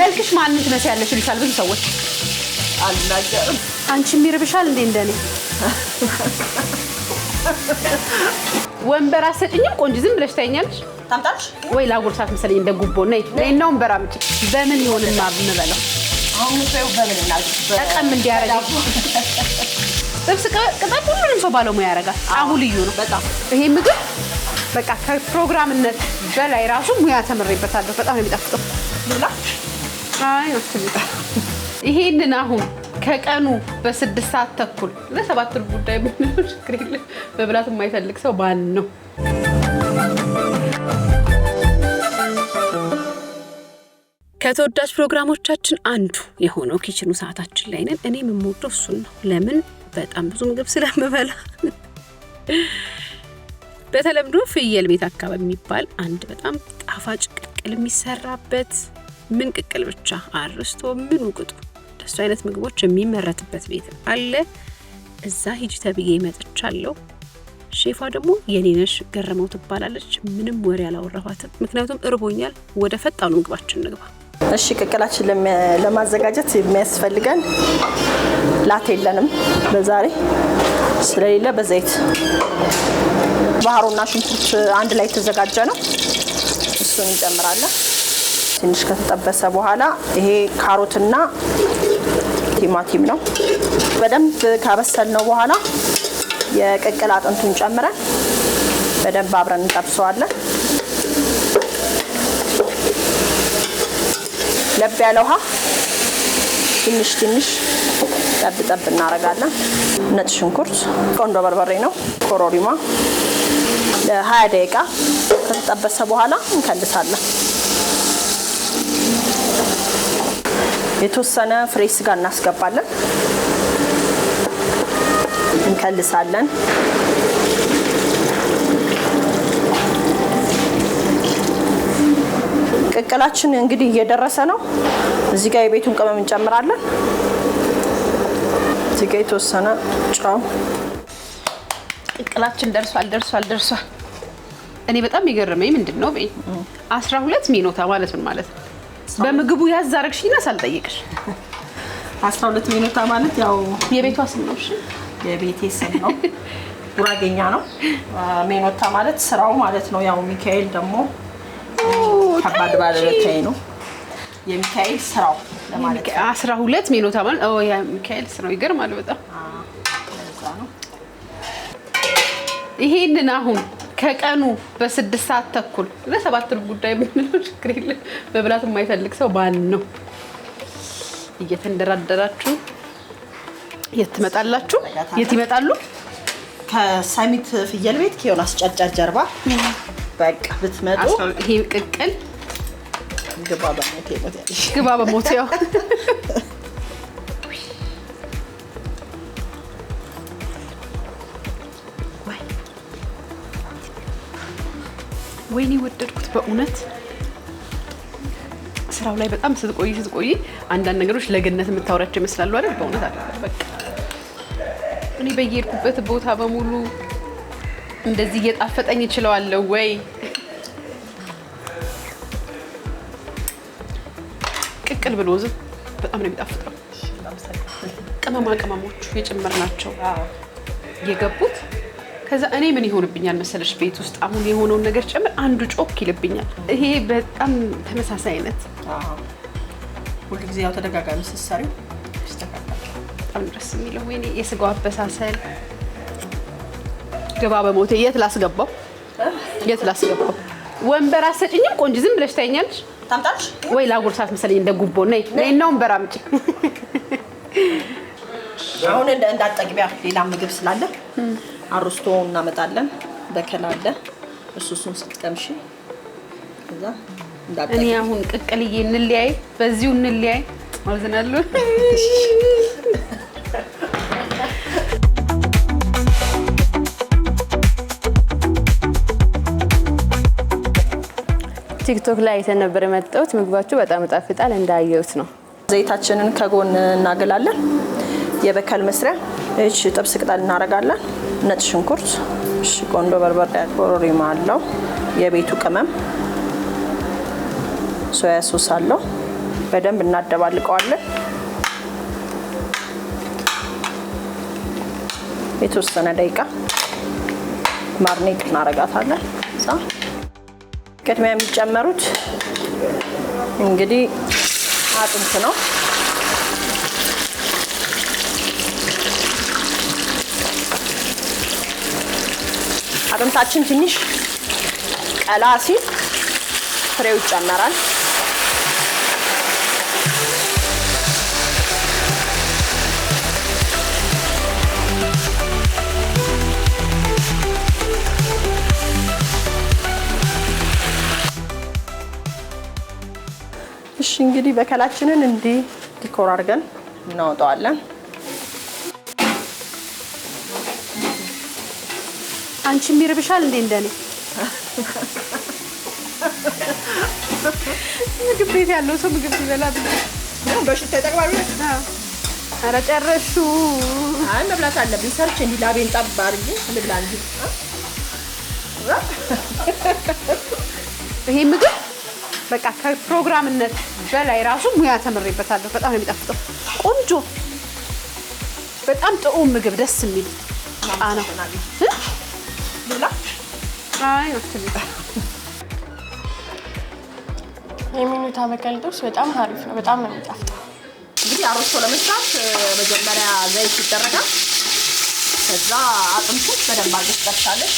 መልክሽ ማንን ትመስያለሽ ይሉሻል ብዙ ሰዎች። አልናገርም። አንቺም ይርብሻል እንዴ? እንደኔ ወንበር አትሰጭኝም? ቆንጆ ዝም ብለሽ ታይኛለሽ። ታምጣልሽ ወይ ላጉርሳት መሰለኝ እንደ ጉቦ እና ይቱ ወንበር አምጪ። በምን ይሆንማ የምበለው ጠቀም እንዲያረጋል ጥብስ ቅጠል ሁሉንም ሰው ባለሙያ ያደርጋል። አሁ ልዩ ነው በጣም ይሄ ምግብ በቃ ከፕሮግራምነት በላይ ራሱ ሙያ ተምሬበታለሁ። በጣም ነው የሚጣፍጠው። አይ ይሄንን አሁን ከቀኑ በስድስት ሰዓት ተኩል ለሰባት ሩብ ጉዳይ ምንም ችግር የለም። መብላት የማይፈልግ ሰው ባል ነው? ከተወዳጅ ፕሮግራሞቻችን አንዱ የሆነው ኪችኑ ሰዓታችን ላይ ነን። እኔ የምወደው እሱን ነው። ለምን? በጣም ብዙ ምግብ ስለምበላ። በተለምዶ ፍየል ቤት አካባቢ የሚባል አንድ በጣም ጣፋጭ ቅቅል የሚሰራበት ምን ቅቅል ብቻ አርስቶ ምኑ ውቅጡ እንደሱ አይነት ምግቦች የሚመረትበት ቤት አለ። እዛ ሂጂ ተብዬ መጥቻለሁ። ሼፏ ደግሞ የኔነሽ ገረመው ትባላለች። ምንም ወሬ አላወራኋትም፣ ምክንያቱም እርቦኛል። ወደ ፈጣኑ ምግባችን ንግባ። እሺ ቅቅላችን ለማዘጋጀት የሚያስፈልገን ላት የለንም በዛሬ ስለሌለ በዘይት ባህሩና ሽንኩርት አንድ ላይ የተዘጋጀ ነው። እሱን እንጨምራለን። ትንሽ ከተጠበሰ በኋላ ይሄ ካሮትና ቲማቲም ነው። በደንብ ካበሰልነው በኋላ የቅቅል አጥንቱን ጨምረን በደንብ አብረን እንጠብሰዋለን። ለብ ያለ ውሃ ትንሽ ትንሽ ጠብ ጠብ እናደርጋለን። ነጭ ሽንኩርት፣ ቆንዶ በርበሬ ነው፣ ኮሮሪማ ለ ለ20 ደቂቃ ከተጠበሰ በኋላ እንከልሳለን። የተወሰነ ፍሬ ስጋ እናስገባለን። እንከልሳለን። ቅቅላችን እንግዲህ እየደረሰ ነው። እዚህ ጋር የቤቱን ቅመም እንጨምራለን። እዚህ ጋር የተወሰነ ጨው። ቅቅላችን ደርሷል ደርሷል ደርሷል። እኔ በጣም የገረመኝ ምንድን ነው አስራ ሁለት ሚኖታ ማለት ምን ማለት ነው? በምግቡ ያዝ አደረግሽኝና ሳልጠይቅሽ 12 ሚኒታ ማለት ያው የቤቷ ስም ነው። እሺ የቤቴ ስም ነው። ጉራጌኛ ነው። ሜኖታ ማለት ስራው ማለት ነው። ያው ሚካኤል ደግሞ ከባድ ባለቤታዬ ነው። የሚካኤል ስራው ለማለት ነው። 12 ሜኖታ ማለት ኦ ያ ሚካኤል ስራው ይገርማል በጣም። ይሄንን አሁን ከቀኑ በስድስት ሰዓት ተኩል ለሰባት ጉዳይ የምንለው ችግር የለም። መብላት የማይፈልግ ሰው ባል ነው። እየተንደራደራችሁ የት ትመጣላችሁ? የት ይመጣሉ? ከሳሚት ፍየል ቤት ከዮናስ አስጫጫ ጀርባ በቃ ብትመጡ ይሄ ቅቅል ግባ በሞት ያው ወይኔ ወደድኩት በእውነት ስራው ላይ በጣም ስትቆይ ስትቆይ አንዳንድ ነገሮች ለገነት የምታወራቸው ይመስላሉ አይደል? በእውነት አለ እኔ በየሄድኩበት ቦታ በሙሉ እንደዚህ እየጣፈጠኝ እችለዋለሁ ወይ? ቅቅል ብሎ ዝም በጣም ነው የሚጣፍጠው። ቅመማ ቅመሞቹ ናቸው የገቡት ከዛ እኔ ምን ይሆንብኛል መሰለሽ ቤት ውስጥ አሁን የሆነውን ነገር ጭምር አንዱ ጮክ ይልብኛል። ይሄ በጣም ተመሳሳይ አይነት ሁልጊዜ ያው ተደጋጋሚ ስትሰሪው በጣም ደስ የሚለው ወይኔ የስጋው አበሳሰል ገባ በሞቴ የት ላስገባው የት ላስገባው ወንበር አሰጭኝም ቆንጆ ዝም ብለሽ ታይኛለሽ። ታምጣልሽ ወይ ላጉርሳት መሰለኝ እንደ ጉቦ ነይ ነይ እና ወንበር አምጪ አሁን እንዳጠግቢያ ሌላ ምግብ ስላለ አሮስቶ እናመጣለን። በከላ አለ እሱ እሱን ስትቀምሺ እኔ አሁን ቅቅልዬ እንለያይ፣ በዚሁ እንለያይ። አመሰግናለሁ። ቲክቶክ ላይ አይተን ነበር የመጣሁት። ምግባችሁ በጣም ጣፍጣል እንዳየሁት ነው። ዘይታችንን ከጎን እናገላለን። የበከል መስሪያ ይች ጥብስ ቅጠል እናደርጋለን። ነጭ ሽንኩርት፣ እሺ፣ ቆንዶ በርበሬ፣ ኮረሪማ አለው። የቤቱ ቅመም ሶያ ሶስ አለው። በደንብ እናደባልቀዋለን። የተወሰነ ደቂቃ ማርኔት እናረጋታለን። ቅድሚያ የሚጨመሩት እንግዲህ አጥንት ነው። ጥምሳችን ትንሽ ቀላ ሲል ፍሬው ይጨመራል። እሺ እንግዲህ በከላችንን እንዲህ ዲኮር አድርገን እናወጣዋለን። አንቺ ይርብሻል እንዴ? እንደኔ ምግብ ቤት ያለው ሰው ምግብ ሲበላ በሽታ ይጠቅማል። ኧረ ጨረሹ። አይ መብላት አለብኝ። ሰርች እንዲህ ላቤን ጠብ አድርጌ ልብላ እንጂ ይሄ ምግብ በቃ ከፕሮግራምነት በላይ ራሱ ሙያ ተምሬበታለሁ። በጣም ነው የሚጣፍጠው። ቆንጆ፣ በጣም ጥሩ ምግብ፣ ደስ የሚል ጣና ሌላ አይ አትልጣ የሚኑታ በቀል ጥብስ በጣም አሪፍ ነው። በጣም ነው የሚጣፍጠው። እንግዲህ አሮስቶ ለመስራት መጀመሪያ ዘይት ይደረጋል። ከዛ አጥምቶ በደንብ አድርገሽ ጠብሻለሽ።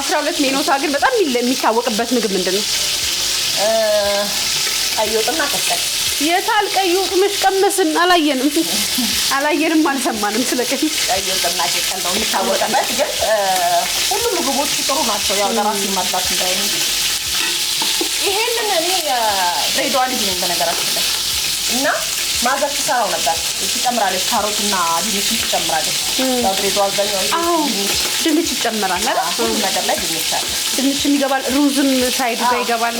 አስራ ሁለት ሜኖታ ግን በጣም የሚታወቅበት ምግብ ምንድን ነው? ቀይ ወጥና ቀጥቀጥ የታል ቀዩ ቅመሽ ቀመስን? አላየንም አላየንም፣ አልሰማንም። ስለ ቀይ ቀዩ ቅመሽ ቀለው የሚታወቅበት ግን ሁሉም ምግቦች ጥሩ ናቸው። ያው ለራስ ይመጣት እንዳይ ይሄንን እኔ ድሬዳዋ ልጅ ነኝ በነገራችን ላይ እና ማዘር ትሰራው ነበር። ትጨምራለች፣ ካሮት እና ድንች ትጨምራለች። ባብሬዶ አብዛኛው ድንች ይጨምራል። ሁሉም ነገር ላይ ድንች አለ። ድንችም ይገባል፣ ሩዝም ሳይድ ጋር ይገባል።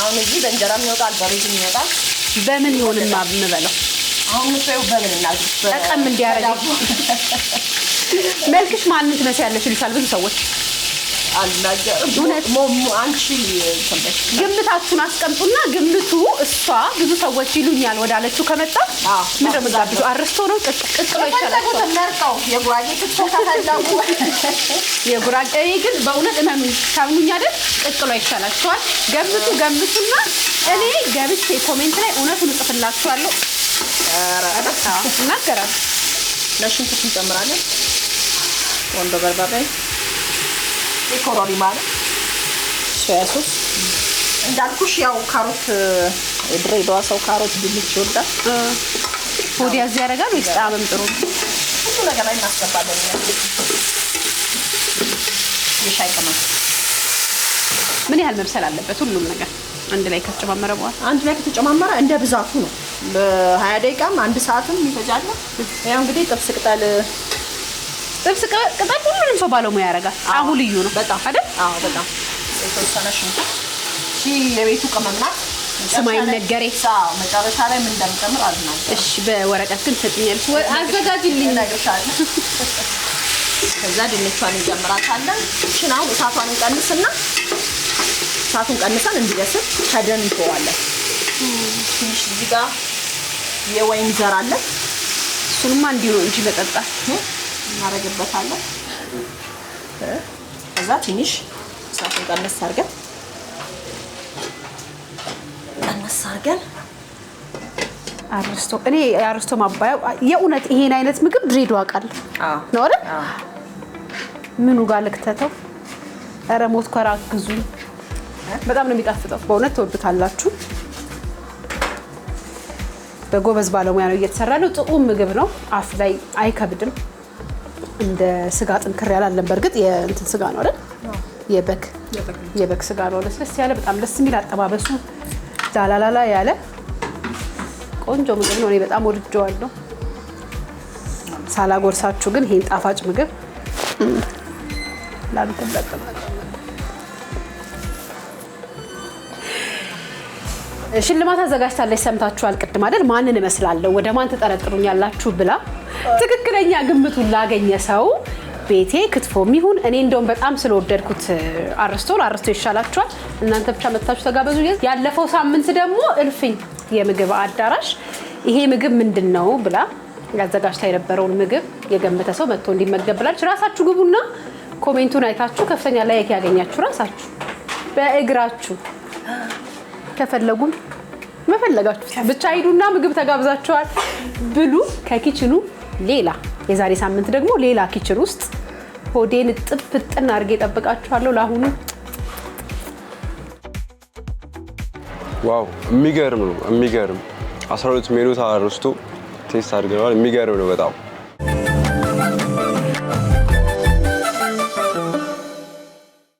አሁን እዚህ በእንጀራም ይወጣል፣ በሩዝም ይወጣል። በምን ይሆን የምበለው አሁን ሰው በምን እናል ጠቀም እንዲያረግ መልክሽ ማንን ትመስያለሽ ይሉሻል ብዙ ሰዎች ግምታችሁን አስቀምጡና ግምቱ እሷ ብዙ ሰዎች ይሉኛል ወዳለችው ከመጣ ምንደምዛብዙ አርስቶ ነው ቅቅቅቅ ነው ግን በእውነት እመኑ ታምኑኝ አይደል? ቅቅሎ ይሻላችኋል። ገምቱ ገምቱና እኔ ገብቼ ኮሜንት ላይ እውነቱን እጽፍላችኋለሁ። እናገራለሁ። ለሽንኩርት እንጨምራለን። ቆንጆ በርበሬ የኮረሪማ ነው። ሶያ ሶስ እንዳልኩሽ ያው ካሮት የድሬዳዋ ሰው ካሮት ድንች ይወዳል። ወዲያ እዚህ ያደርጋል ወይስ ጣዕምም ጥሩ ሁሉ ነገር ላይ እናስገባለን። የሻይ ቅመም ምን ያህል መብሰል አለበት? ሁሉም ነገር አንድ ላይ ከተጨማመረ በኋላ አንድ ላይ ከተጨማመረ እንደ ብዛቱ ነው። በሀያ ደቂቃም አንድ ሰዓትም ይፈጃል። ያው እንግዲህ ጥብስ ቅጠል ጥብስ ቅጠል ሁሉንም ሰው ባለሙያ ያደርጋል። ጣዕሙ ልዩ ነው በጣም አይደል? አዎ በጣም የተወሰነ ሽንኩርት፣ የቤቱ ቅመም ናት። ስማይ ነገሬ መጨረሻ ላይ ምን እንደምጨምር አዝናል። እሺ በወረቀት ግን ትሰጥኛለሽ። አዘጋጅልኝ እነግርሻለሁ። ከዛ ድንቿን እንጀምራታለን። እሺን አሁን እሳቷን እንቀንስና እሳቱን ቀንሰን እንዲበስል ከደን እንተዋለን። ትንሽ እዚህ ጋር የወይን ዘር አለን። እሱንማ እንዲሁ እንጂ በጠጣ እናደርግበታለን። ከዛ ትንሽ እሳቱን ቀነስ አድርገን ቀነስ አድርገን አርስቶ እኔ አርስቶ ማባያው የእውነት ይሄን አይነት ምግብ ድሬዳዋ ቃል ነው ምኑ ጋር ልክተተው? ኧረ ሞት ኮራ ግዙ። በጣም ነው የሚጣፍጠው። በእውነት ትወዱታላችሁ። በጎበዝ ባለሙያ ነው እየተሰራ ነው። ጥቁም ምግብ ነው። አፍ ላይ አይከብድም። እንደ ስጋ ጥንክር ያላለን በእርግጥ የእንትን ስጋ ነው አይደል? የበግ የበግ ስጋ ነው። ለስለስ ያለ በጣም ደስ የሚል አጠባበሱ ዳላላላ ያለ ቆንጆ ምግብ ነው። እኔ በጣም ወድጀዋለሁ። ሳላጎርሳችሁ ግን ይሄን ጣፋጭ ምግብ ላልተበቀም። ሽልማት አዘጋጅታለች። ሰምታችኋል ቅድም አይደል? ማንን እመስላለሁ ወደ ማን ትጠረጥሩኛላችሁ ብላ ትክክለኛ ግምቱን ላገኘ ሰው ቤቴ ክትፎ የሚሆን እኔ እንደውም በጣም ስለወደድኩት አርስቶን አርስቶ ይሻላችኋል። እናንተ ብቻ መታችሁ ተጋበዙ። ያለፈው ሳምንት ደግሞ እልፍኝ የምግብ አዳራሽ ይሄ ምግብ ምንድን ነው ብላ ያዘጋጅታ የነበረውን ምግብ የገመተ ሰው መጥቶ እንዲመገብ ብላለች። ራሳችሁ ግቡና ኮሜንቱን አይታችሁ ከፍተኛ ላይክ ያገኛችሁ ራሳችሁ በእግራችሁ ከፈለጉም መፈለጋችሁ ብቻ ሂዱና ምግብ ተጋብዛችኋል ብሉ ከኪችኑ ሌላ የዛሬ ሳምንት ደግሞ ሌላ ኪችን ውስጥ ሆዴን ጥን አድርጌ ጠብቃችኋለሁ። ለአሁኑ ዋው የሚገርም ነው። የሚገርም 12 ሜኑ ታርስቱ ቴስት አድርገዋል። የሚገርም ነው በጣም